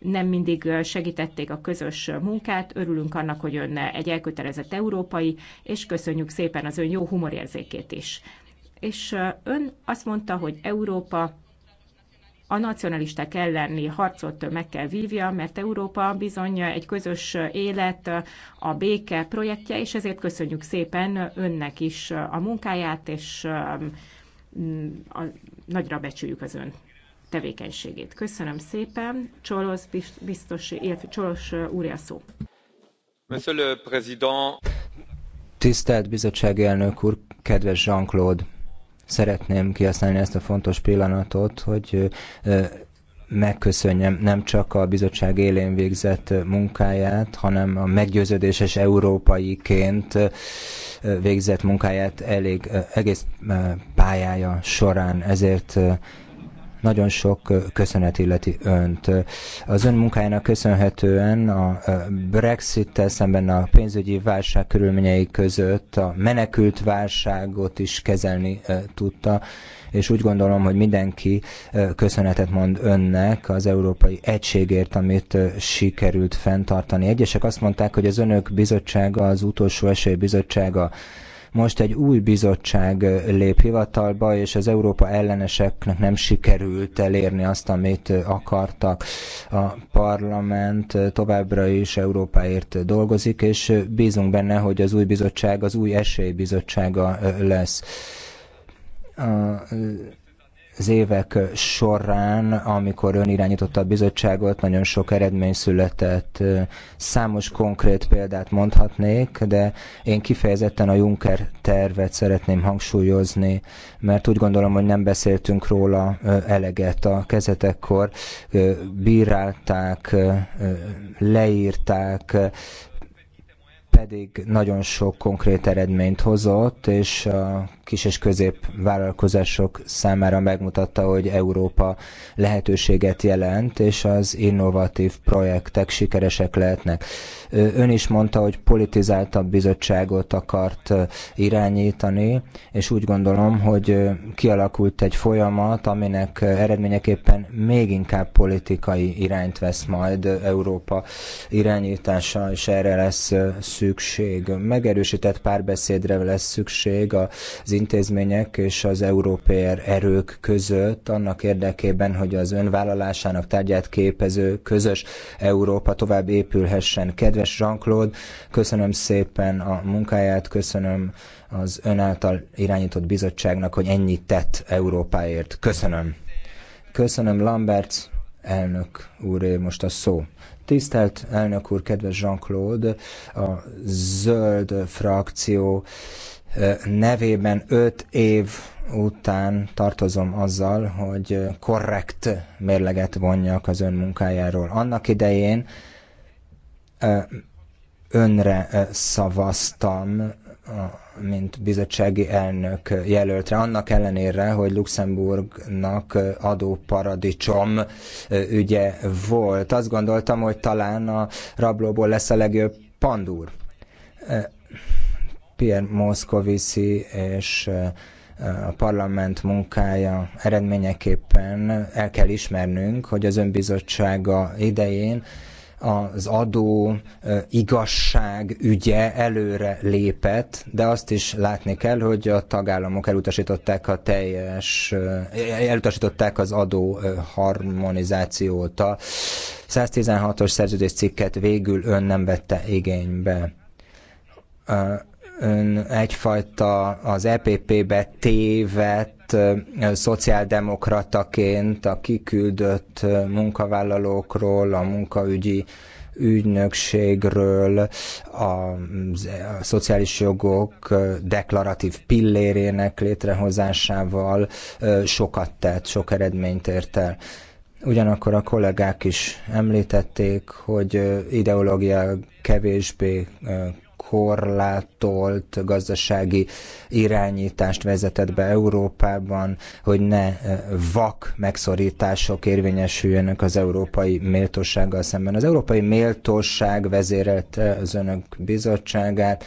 nem mindig segítették a közös munkát. Örülünk annak, hogy ön egy elkötelezett európai, és köszönjük szépen az ön jó humorérzékét is. És ön azt mondta, hogy Európa a nacionalisták elleni harcot meg kell vívja, mert Európa bizony egy közös élet, a béke projektje, és ezért köszönjük szépen önnek is a munkáját, és nagyra becsüljük az ön tevékenységét. Köszönöm szépen, Csolos, biztos, illetve Csolos úrja szó. Monsieur le Président. Tisztelt bizottsági elnök úr, kedves Jean-Claude! Szeretném kihasználni ezt a fontos pillanatot, hogy megköszönjem nem csak a bizottság élén végzett munkáját, hanem a meggyőződéses európaiként végzett munkáját elég egész pályája során. Ezért nagyon sok köszönet illeti önt. Az ön munkájának köszönhetően a Brexit-tel szemben a pénzügyi válság körülményei között a menekült válságot is kezelni tudta, és úgy gondolom, hogy mindenki köszönetet mond önnek az európai egységért, amit sikerült fenntartani. Egyesek azt mondták, hogy az önök bizottsága az utolsó esélybizottsága bizottsága most egy új bizottság lép hivatalba, és az Európa elleneseknek nem sikerült elérni azt, amit akartak. A parlament továbbra is Európáért dolgozik, és bízunk benne, hogy az új bizottság az új esélybizottsága lesz. A az évek során, amikor ön irányította a bizottságot, nagyon sok eredmény született, számos konkrét példát mondhatnék, de én kifejezetten a Juncker tervet szeretném hangsúlyozni, mert úgy gondolom, hogy nem beszéltünk róla eleget a kezetekkor. Bírálták, leírták, pedig nagyon sok konkrét eredményt hozott, és a kis és vállalkozások számára megmutatta, hogy Európa lehetőséget jelent, és az innovatív projektek sikeresek lehetnek. Ön is mondta, hogy politizáltabb bizottságot akart irányítani, és úgy gondolom, hogy kialakult egy folyamat, aminek eredményeképpen még inkább politikai irányt vesz majd Európa irányítása, és erre lesz szükség. Megerősített párbeszédre lesz szükség az intézmények és az európai erők között annak érdekében, hogy az önvállalásának tárgyát képező közös Európa tovább épülhessen. Kedves Jean-Claude, köszönöm szépen a munkáját, köszönöm az ön által irányított bizottságnak, hogy ennyit tett Európáért. Köszönöm. Köszönöm Lambert elnök úr. most a szó. Tisztelt elnök úr, kedves Jean-Claude, a zöld frakció nevében öt év után tartozom azzal, hogy korrekt mérleget vonjak az ön munkájáról. Annak idején önre szavaztam, mint bizottsági elnök jelöltre, annak ellenére, hogy Luxemburgnak adóparadicsom ügye volt. Azt gondoltam, hogy talán a rablóból lesz a legjobb pandúr Pierre Moscovici és a parlament munkája eredményeképpen el kell ismernünk, hogy az önbizottsága idején az adó igazság ügye előre lépett, de azt is látni kell, hogy a tagállamok elutasították a teljes, elutasították az adó harmonizációt. A 116-os szerződés cikket végül ön nem vette igénybe ön egyfajta az EPP-be tévet szociáldemokrataként a kiküldött munkavállalókról, a munkaügyi ügynökségről, a, a szociális jogok deklaratív pillérének létrehozásával sokat tett, sok eredményt ért el. Ugyanakkor a kollégák is említették, hogy ideológia kevésbé korlátolt gazdasági irányítást vezetett be Európában, hogy ne eh, vak megszorítások érvényesüljenek az európai méltósággal szemben. Az európai méltóság vezérelt az önök bizottságát,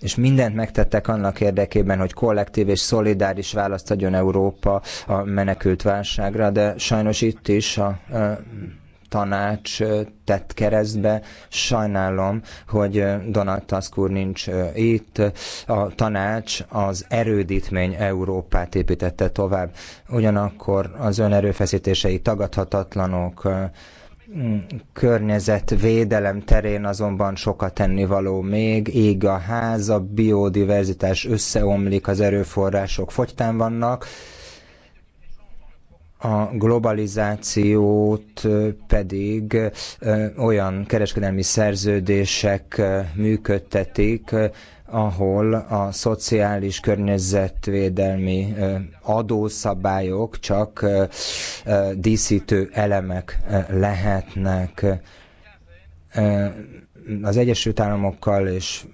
és mindent megtettek annak érdekében, hogy kollektív és szolidáris választ adjon Európa a menekült válságra, de sajnos itt is a eh, tanács tett keresztbe. Sajnálom, hogy Donald Tusk úr nincs itt. A tanács az erődítmény Európát építette tovább. Ugyanakkor az ön erőfeszítései tagadhatatlanok, környezetvédelem terén azonban sokat tennivaló még, ég a ház a biodiverzitás összeomlik, az erőforrások fogytán vannak, a globalizációt pedig olyan kereskedelmi szerződések működtetik, ahol a szociális környezetvédelmi adószabályok csak díszítő elemek lehetnek az Egyesült Államokkal és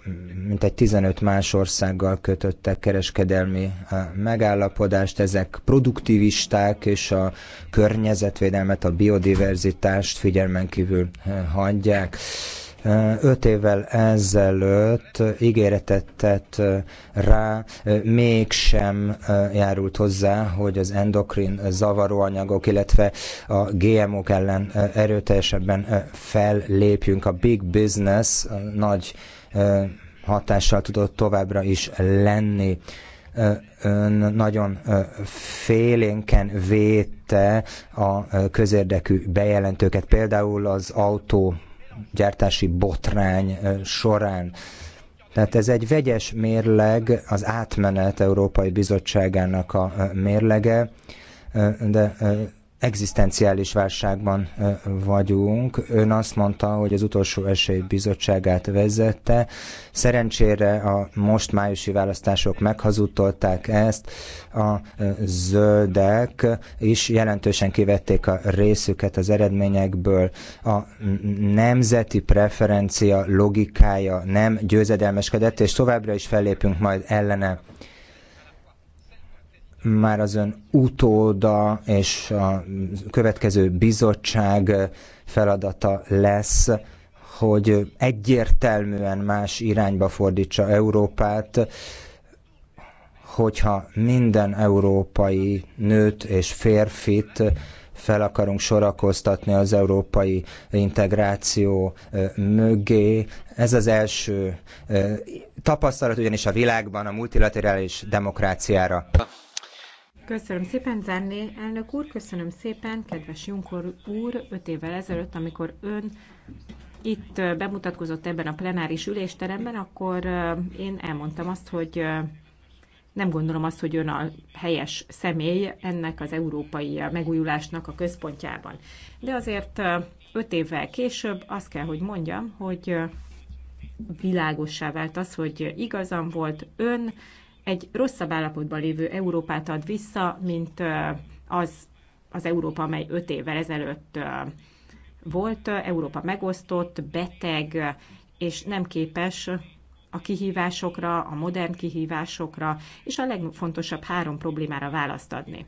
mintegy 15 más országgal kötöttek kereskedelmi eh, megállapodást. Ezek produktivisták, és a környezetvédelmet, a biodiverzitást figyelmen kívül eh, hagyják. Öt évvel ezelőtt ígéretet tett rá, mégsem járult hozzá, hogy az endokrin zavaróanyagok, illetve a GMO-k ellen erőteljesebben fellépjünk. A big business a nagy hatással tudott továbbra is lenni ön nagyon félénken véte a közérdekű bejelentőket, például az autó gyártási botrány során. Tehát ez egy vegyes mérleg, az átmenet Európai Bizottságának a mérlege, de egzisztenciális válságban vagyunk. Ön azt mondta, hogy az utolsó esély bizottságát vezette. Szerencsére a most májusi választások meghazudtolták ezt. A zöldek is jelentősen kivették a részüket az eredményekből. A nemzeti preferencia logikája nem győzedelmeskedett, és továbbra is fellépünk majd ellene már az ön utóda és a következő bizottság feladata lesz, hogy egyértelműen más irányba fordítsa Európát, hogyha minden európai nőt és férfit fel akarunk sorakoztatni az európai integráció mögé. Ez az első tapasztalat ugyanis a világban a multilaterális demokráciára. Köszönöm szépen, Zárné elnök úr, köszönöm szépen, kedves Junkor úr, öt évvel ezelőtt, amikor ön itt bemutatkozott ebben a plenáris ülésteremben, akkor én elmondtam azt, hogy nem gondolom azt, hogy ön a helyes személy ennek az európai megújulásnak a központjában. De azért öt évvel később azt kell, hogy mondjam, hogy világossá vált az, hogy igazam volt ön, egy rosszabb állapotban lévő Európát ad vissza, mint az az Európa, amely öt évvel ezelőtt volt. Európa megosztott, beteg, és nem képes a kihívásokra, a modern kihívásokra, és a legfontosabb három problémára választ adni.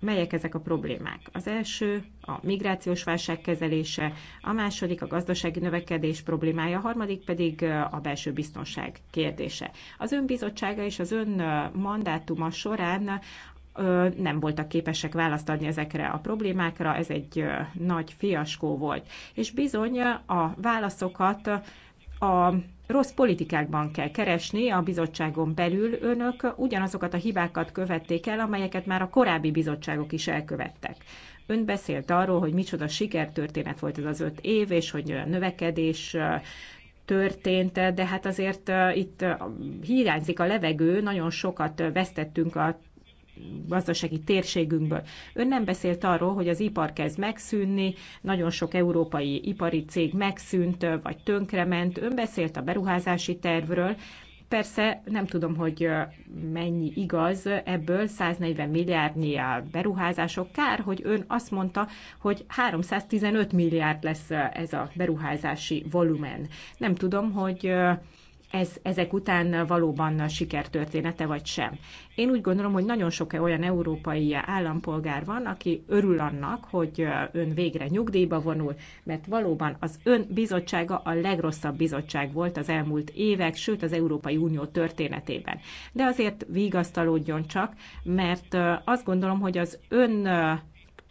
Melyek ezek a problémák? Az első a migrációs válság kezelése, a második a gazdasági növekedés problémája, a harmadik pedig a belső biztonság kérdése. Az önbizottsága és az ön mandátuma során nem voltak képesek választ adni ezekre a problémákra, ez egy nagy fiaskó volt. És bizony a válaszokat a rossz politikákban kell keresni a bizottságon belül. Önök ugyanazokat a hibákat követték el, amelyeket már a korábbi bizottságok is elkövettek. Ön beszélt arról, hogy micsoda sikertörténet volt ez az öt év, és hogy növekedés történt, de hát azért itt hiányzik a levegő, nagyon sokat vesztettünk a gazdasági térségünkből. Ön nem beszélt arról, hogy az ipar kezd megszűnni, nagyon sok európai ipari cég megszűnt, vagy tönkrement. Ön beszélt a beruházási tervről, Persze nem tudom, hogy mennyi igaz ebből, 140 milliárdnyi a beruházások. Kár, hogy ön azt mondta, hogy 315 milliárd lesz ez a beruházási volumen. Nem tudom, hogy ez, ezek után valóban sikertörténete vagy sem. Én úgy gondolom, hogy nagyon sok olyan európai állampolgár van, aki örül annak, hogy ön végre nyugdíjba vonul, mert valóban az ön bizottsága a legrosszabb bizottság volt az elmúlt évek, sőt az Európai Unió történetében. De azért vigasztalódjon csak, mert azt gondolom, hogy az ön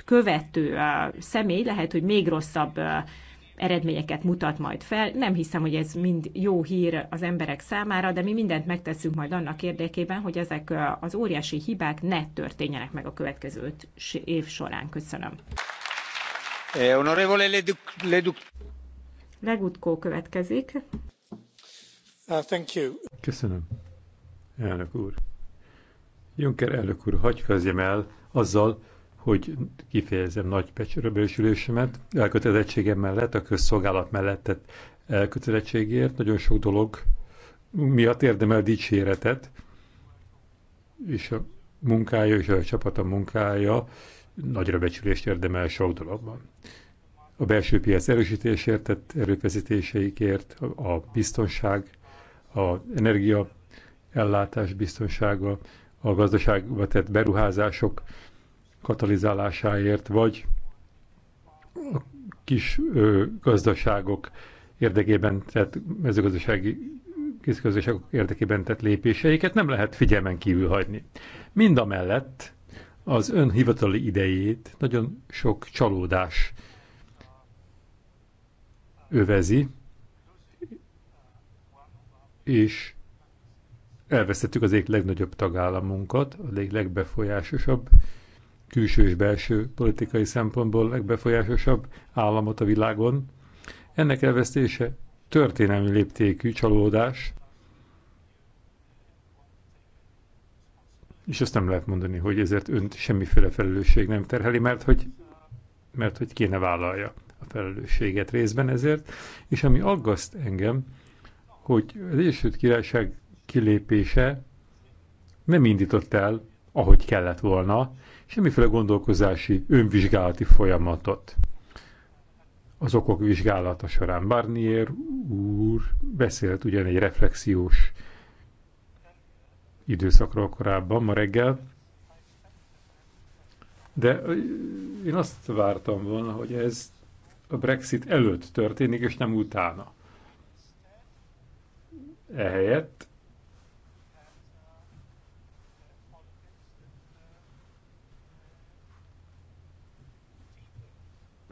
követő személy lehet, hogy még rosszabb eredményeket mutat majd fel. Nem hiszem, hogy ez mind jó hír az emberek számára, de mi mindent megteszünk majd annak érdekében, hogy ezek az óriási hibák ne történjenek meg a következő öt év során. Köszönöm. Honorevole eh, Leduc, Leduc. Legutkó következik. Uh, thank you. Köszönöm, elnök úr. Juncker elnök úr, hagyj kezdjem el azzal, hogy kifejezem nagy becsöröbősülésemet, elkötelezettségem mellett, a közszolgálat mellett tett elkötelezettségért. Nagyon sok dolog miatt érdemel dicséretet, és a munkája és a csapata munkája nagyra becsülést érdemel sok dologban. A belső piac erősítésért tehát erőfeszítéseikért, a biztonság, a energia ellátás biztonsága, a gazdaságba tett beruházások katalizálásáért, vagy a kis ö, gazdaságok érdekében, tehát mezőgazdasági kisgazdaságok érdekében tett lépéseiket nem lehet figyelmen kívül hagyni. Mind a mellett az ön hivatali idejét nagyon sok csalódás övezi, és elvesztettük az egyik legnagyobb tagállamunkat, a egyik legbefolyásosabb külső és belső politikai szempontból legbefolyásosabb államot a világon. Ennek elvesztése történelmi léptékű csalódás, és azt nem lehet mondani, hogy ezért önt semmiféle felelősség nem terheli, mert hogy, mert hogy kéne vállalja a felelősséget részben ezért, és ami aggaszt engem, hogy az Egyesült Királyság kilépése nem indított el, ahogy kellett volna, semmiféle gondolkozási, önvizsgálati folyamatot az okok vizsgálata során. Barnier úr beszélt ugyan egy reflexiós időszakról korábban, ma reggel, de én azt vártam volna, hogy ez a Brexit előtt történik, és nem utána. Ehelyett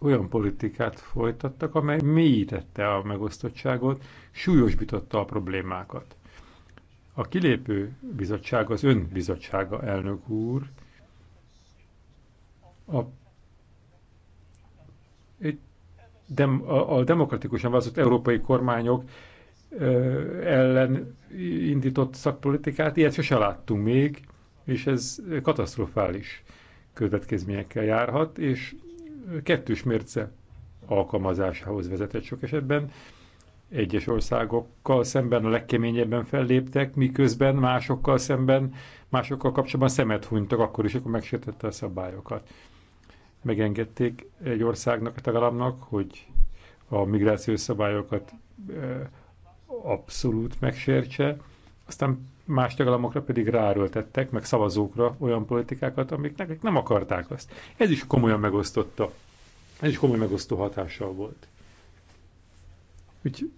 olyan politikát folytattak, amely mélyítette a megosztottságot, súlyosbította a problémákat. A kilépő bizottság, az ön bizottsága, elnök úr, a, a, demokratikusan választott európai kormányok ellen indított szakpolitikát, ilyet sose láttunk még, és ez katasztrofális következményekkel járhat, és kettős mérce alkalmazásához vezetett sok esetben. Egyes országokkal szemben a legkeményebben felléptek, miközben másokkal szemben, másokkal kapcsolatban szemet hunytak, akkor is, akkor megsértette a szabályokat. Megengedték egy országnak, a tagállamnak, hogy a migrációs szabályokat eh, abszolút megsértse, aztán más tagállamokra pedig ráerőltettek, meg szavazókra olyan politikákat, amiknek nem akarták azt. Ez is komolyan megosztotta. Ez is komoly megosztó hatással volt. Úgy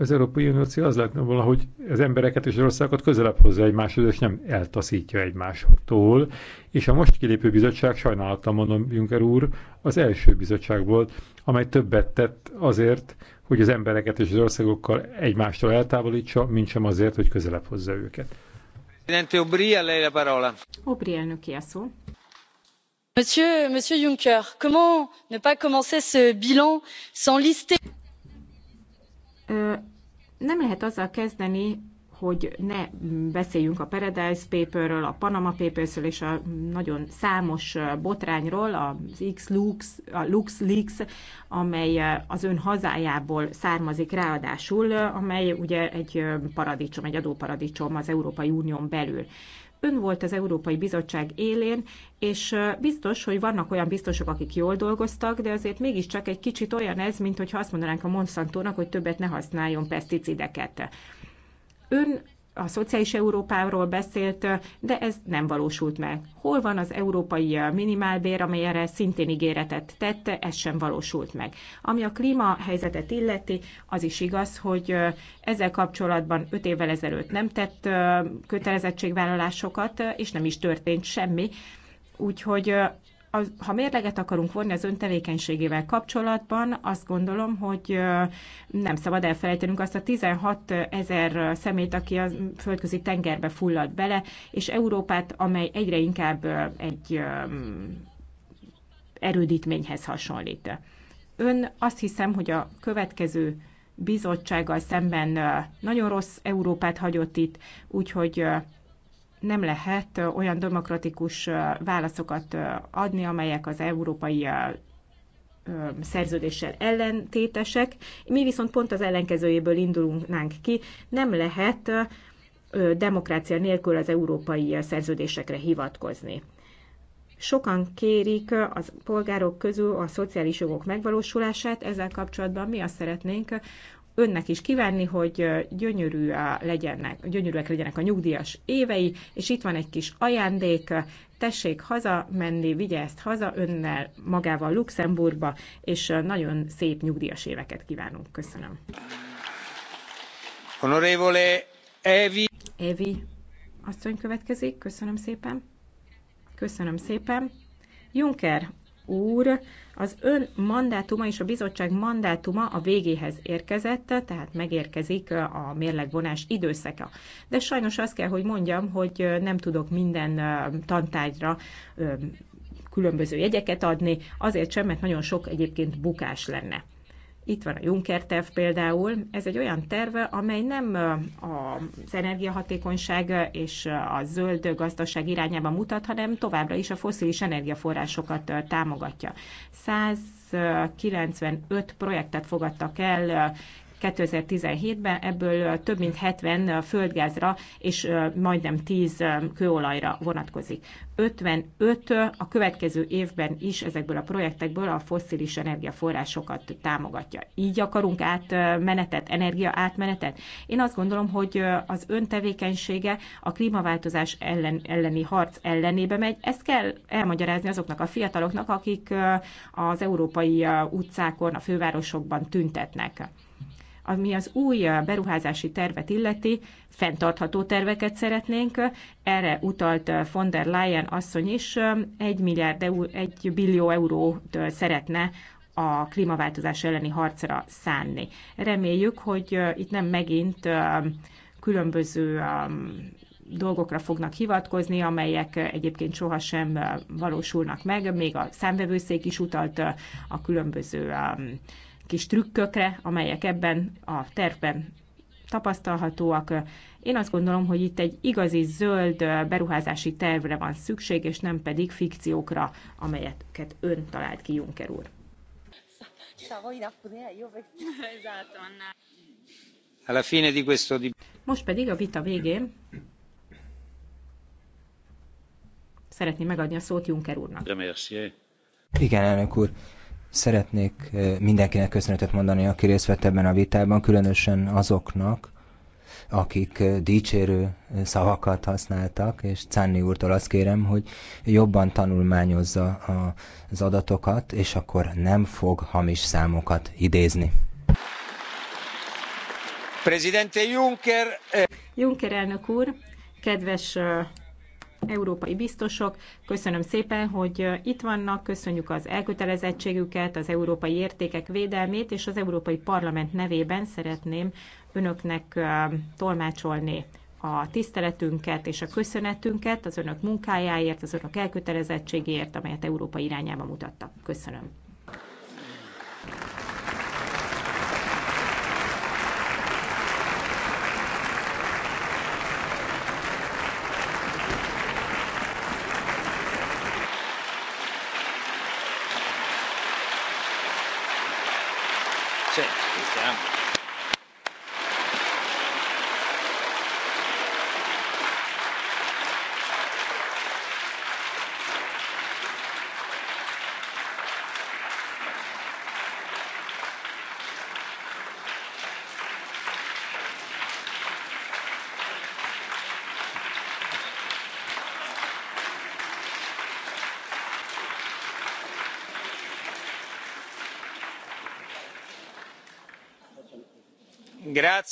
az Európai Unió cél az lehetne volna, hogy az embereket és az országokat közelebb hozza egymáshoz, és nem eltaszítja egymástól. És a most kilépő bizottság, sajnálattal mondom, Juncker úr, az első bizottság volt, amely többet tett azért, hogy az embereket és az országokkal egymástól eltávolítsa, mint sem azért, hogy közelebb hozza őket. Obri elnöki a szó. Monsieur, Monsieur Juncker, comment ne pas commencer ce bilan sans lister nem lehet azzal kezdeni, hogy ne beszéljünk a Paradise Paperről, a Panama Papersről és a nagyon számos botrányról, az X-Lux, a LuxLeaks, amely az ön hazájából származik ráadásul, amely ugye egy paradicsom, egy adóparadicsom az Európai Unión belül. Ön volt az Európai Bizottság élén, és biztos, hogy vannak olyan biztosok, akik jól dolgoztak, de azért mégiscsak egy kicsit olyan ez, mint hogyha azt mondanánk a Monsantónak, hogy többet ne használjon peszticideket. Ön a szociális Európáról beszélt, de ez nem valósult meg. Hol van az európai minimálbér, amelyre szintén ígéretet tette, ez sem valósult meg. Ami a klímahelyzetet illeti, az is igaz, hogy ezzel kapcsolatban 5 évvel ezelőtt nem tett kötelezettségvállalásokat, és nem is történt semmi. Úgyhogy az, ha mérleget akarunk vonni az öntevékenységével kapcsolatban, azt gondolom, hogy nem szabad elfelejtenünk azt a 16 ezer szemét, aki a földközi tengerbe fulladt bele, és Európát, amely egyre inkább egy erődítményhez hasonlít. Ön azt hiszem, hogy a következő bizottsággal szemben nagyon rossz Európát hagyott itt, úgyhogy nem lehet olyan demokratikus válaszokat adni, amelyek az európai szerződéssel ellentétesek. Mi viszont pont az ellenkezőjéből indulunk ki. Nem lehet demokrácia nélkül az európai szerződésekre hivatkozni. Sokan kérik a polgárok közül a szociális jogok megvalósulását, ezzel kapcsolatban mi azt szeretnénk, önnek is kívánni, hogy gyönyörű a legyenek, gyönyörűek legyenek a nyugdíjas évei, és itt van egy kis ajándék, tessék haza menni, vigye ezt haza önnel, magával Luxemburgba, és nagyon szép nyugdíjas éveket kívánunk. Köszönöm. Honorevole Evi. Evi asszony következik, köszönöm szépen. Köszönöm szépen. Juncker úr, az ön mandátuma és a bizottság mandátuma a végéhez érkezett, tehát megérkezik a mérlegvonás időszaka. De sajnos azt kell, hogy mondjam, hogy nem tudok minden tantárgyra különböző jegyeket adni, azért sem, mert nagyon sok egyébként bukás lenne. Itt van a Juncker terv például, ez egy olyan terv, amely nem az energiahatékonyság és a zöld gazdaság irányába mutat, hanem továbbra is a foszilis energiaforrásokat támogatja. 195 projektet fogadtak el 2017-ben, ebből több mint 70 földgázra és majdnem 10 kőolajra vonatkozik. 55 a következő évben is ezekből a projektekből a fosszilis energiaforrásokat támogatja. Így akarunk átmenetet, energia átmenetet? Én azt gondolom, hogy az öntevékenysége a klímaváltozás ellen, elleni harc ellenébe megy. Ezt kell elmagyarázni azoknak a fiataloknak, akik az európai utcákon, a fővárosokban tüntetnek ami az új beruházási tervet illeti, fenntartható terveket szeretnénk. Erre utalt von der Leyen asszony is 1, milliárd eur, 1 billió eurót szeretne a klímaváltozás elleni harcra szánni. Reméljük, hogy itt nem megint különböző dolgokra fognak hivatkozni, amelyek egyébként sohasem valósulnak meg. Még a számvevőszék is utalt a különböző kis trükkökre, amelyek ebben a tervben tapasztalhatóak. Én azt gondolom, hogy itt egy igazi zöld beruházási tervre van szükség, és nem pedig fikciókra, amelyeket ön talált ki, Juncker úr. Most pedig a vita végén szeretném megadni a szót Juncker úrnak. Igen, elnök úr. Szeretnék eh, mindenkinek köszönetet mondani, aki részt vett ebben a vitában, különösen azoknak, akik eh, dicsérő eh, szavakat használtak, és Czánni úrtól azt kérem, hogy jobban tanulmányozza az adatokat, és akkor nem fog hamis számokat idézni. Presidente Juncker... Juncker elnök úr, kedves európai biztosok, köszönöm szépen, hogy itt vannak, köszönjük az elkötelezettségüket, az európai értékek védelmét, és az Európai Parlament nevében szeretném önöknek tolmácsolni a tiszteletünket és a köszönetünket az önök munkájáért, az önök elkötelezettségéért, amelyet Európa irányába mutattak. Köszönöm.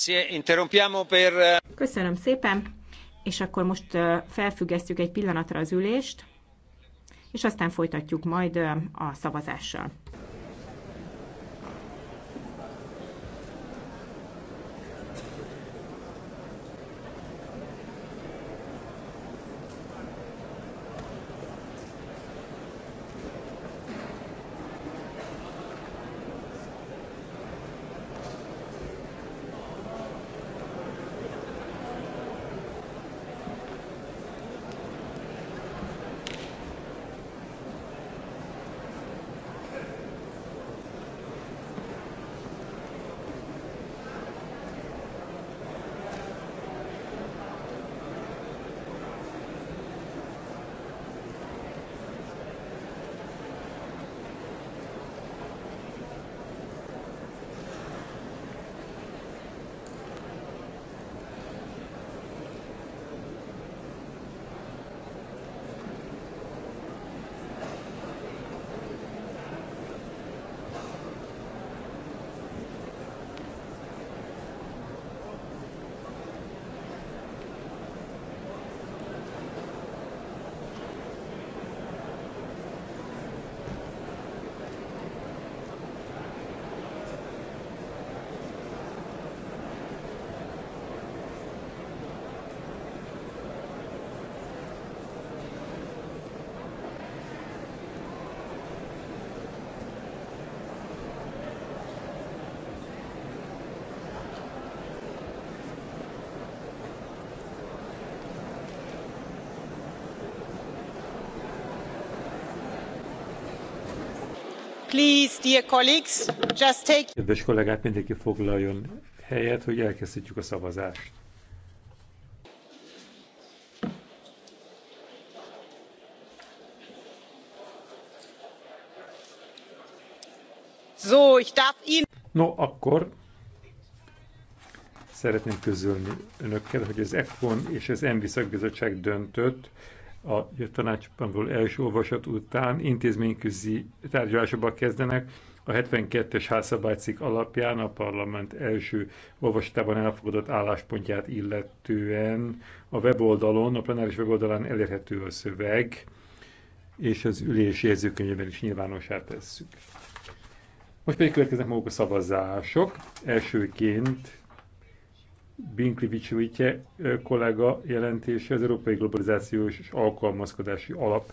Eh, Köszönöm szépen, és akkor most felfüggesztjük egy pillanatra az ülést, és aztán folytatjuk majd a szavazással. Please, dear colleagues, just take... Kedves kollégák, mindenki foglaljon helyet, hogy elkezdhetjük a szavazást. So, ich darf Ihnen... No, akkor szeretném közölni önökkel, hogy az EFKON és az ENVI szakbizottság döntött, a tanácsban első olvasat után intézményközi tárgyalásokba kezdenek, a 72-es házszabálycik alapján a parlament első olvasatában elfogadott álláspontját illetően a weboldalon, a plenáris weboldalán elérhető a szöveg, és az ülés jegyzőkönyvben is nyilvánossá tesszük. Most pedig következnek maguk a szavazások. Elsőként Binkli kollega jelentése az Európai Globalizációs és Alkalmazkodási Alap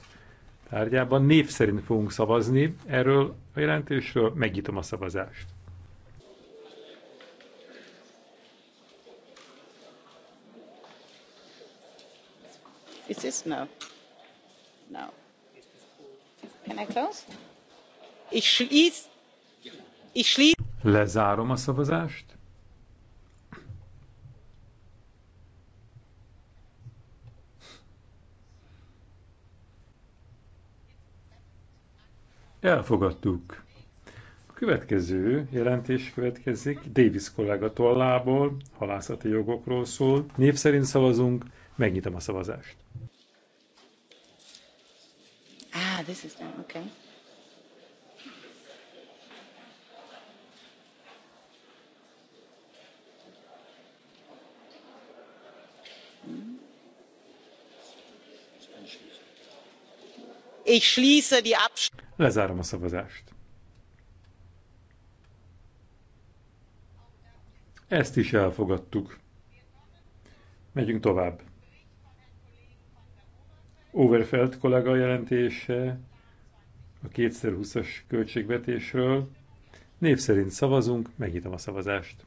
tárgyában. Név szerint fogunk szavazni erről a jelentésről. Megnyitom a szavazást. Is this no? No. Can I close? Ich schließe. Ich schließe. Lezárom a szavazást. Elfogadtuk. A következő jelentés következik Davis kollega tollából, halászati jogokról szól. Név szerint szavazunk, megnyitom a szavazást. Ah, this is them. Okay. Ich schließe die Lezárom a szavazást. Ezt is elfogadtuk. Megyünk tovább. Overfeld kollega jelentése a 2020-as költségvetésről. Név szerint szavazunk, megnyitom a szavazást.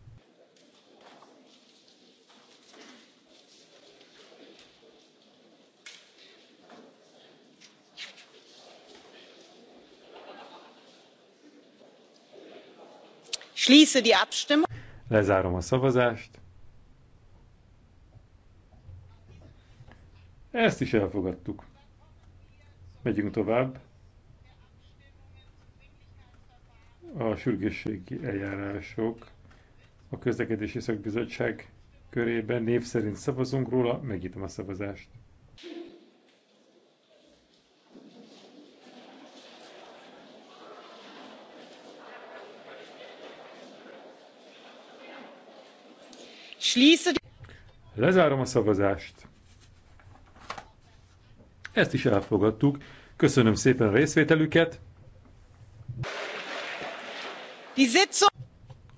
Schließe die Abstimmung. Lezárom a szavazást. Ezt is elfogadtuk. Megyünk tovább. A sürgősségi eljárások a közlekedési szakbizottság körében név szerint szavazunk róla, megítom a szavazást. Lezárom a szavazást. Ezt is elfogadtuk. Köszönöm szépen a részvételüket.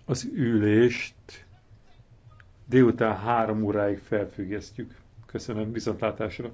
Az ülést délután három óráig felfüggesztjük. Köszönöm, viszontlátásra!